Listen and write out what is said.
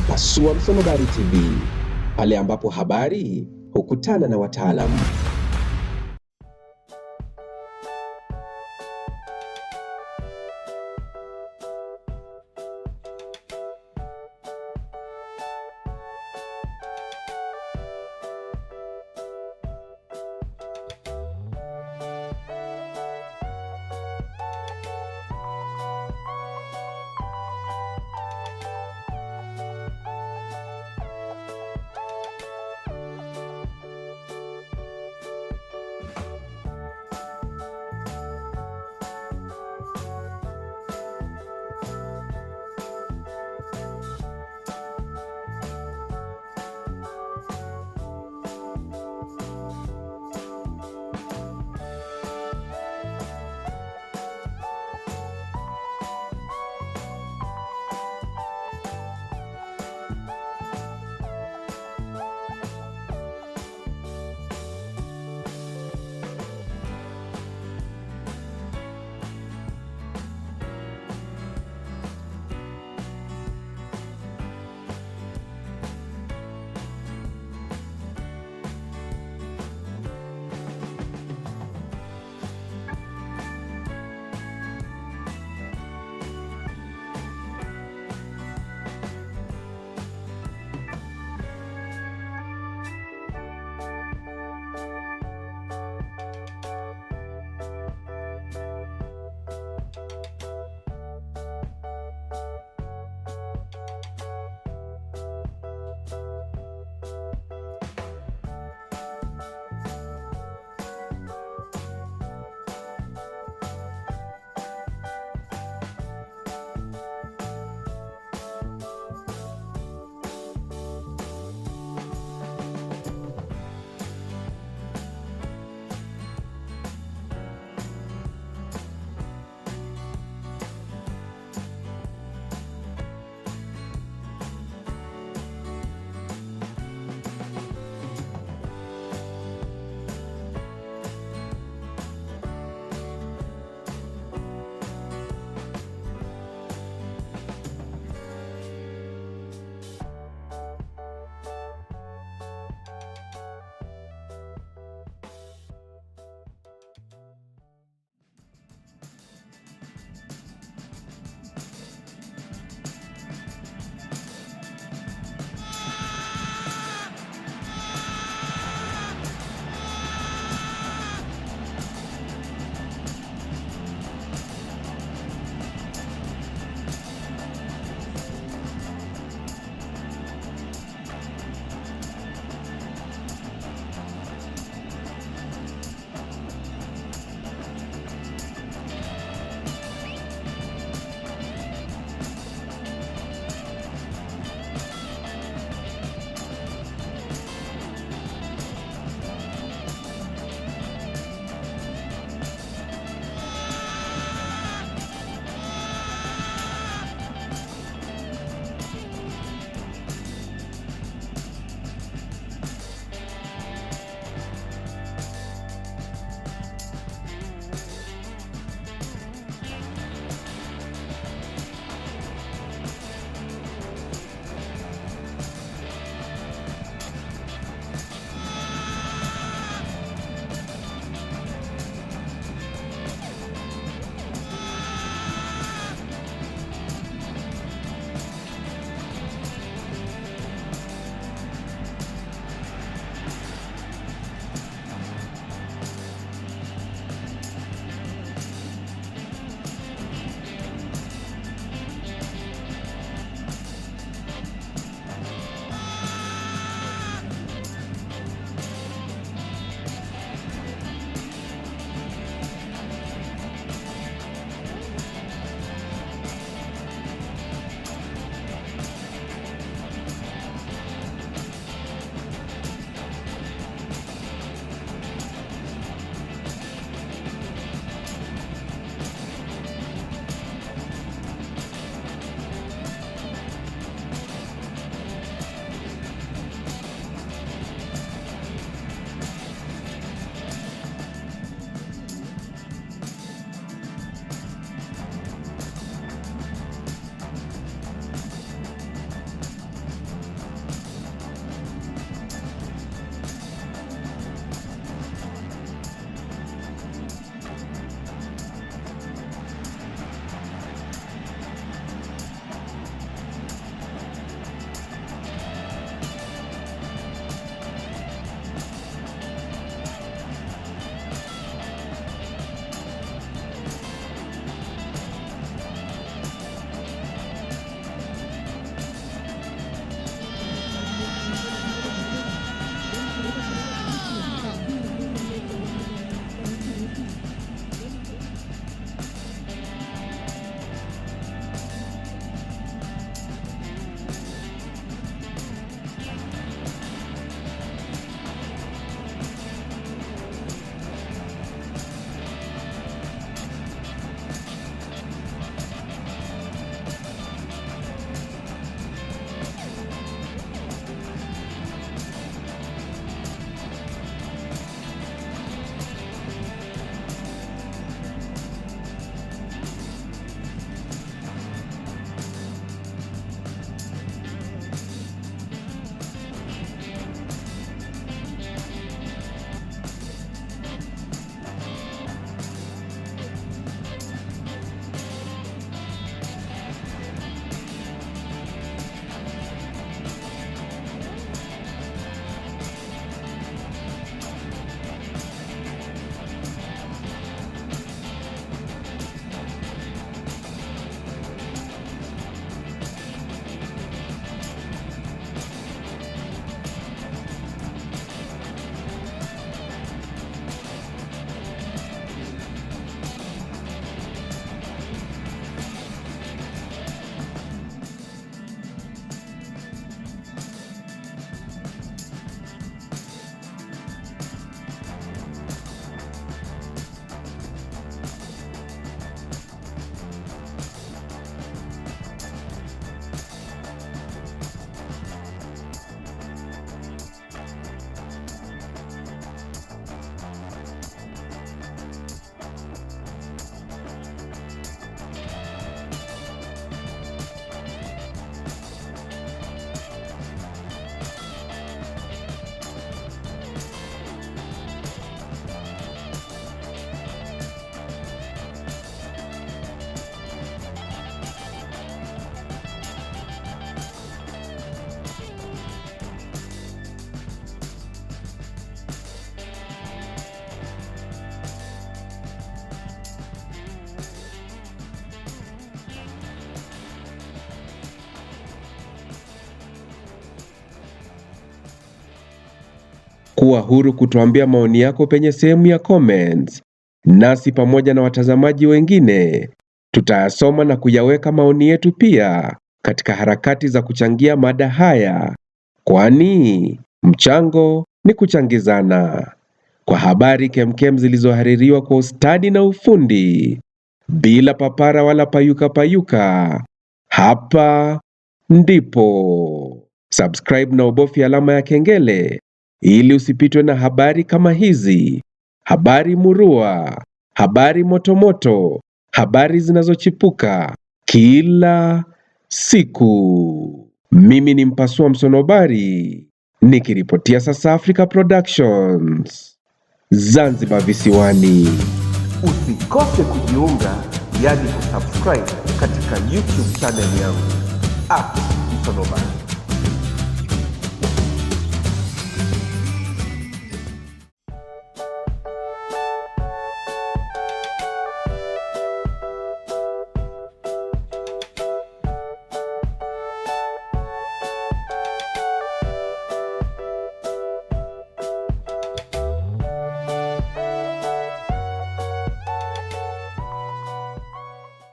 Pasua Msonobari TV, pale ambapo habari hukutana na wataalamu. Kuwa huru kutuambia maoni yako penye sehemu ya comments, nasi pamoja na watazamaji wengine tutayasoma na kuyaweka maoni yetu pia katika harakati za kuchangia mada haya, kwani mchango ni kuchangizana. Kwa habari kemkem zilizohaririwa kwa ustadi na ufundi, bila papara wala payuka payuka, hapa ndipo. Subscribe na ubofi alama ya kengele ili usipitwe na habari kama hizi: habari murua, habari motomoto, habari zinazochipuka kila siku. Mimi ni Mpasua Msonobari nikiripotia sasa Africa Productions Zanzibar visiwani. Usikose kujiunga, yani kusubscribe katika YouTube channel yangu Msonobari.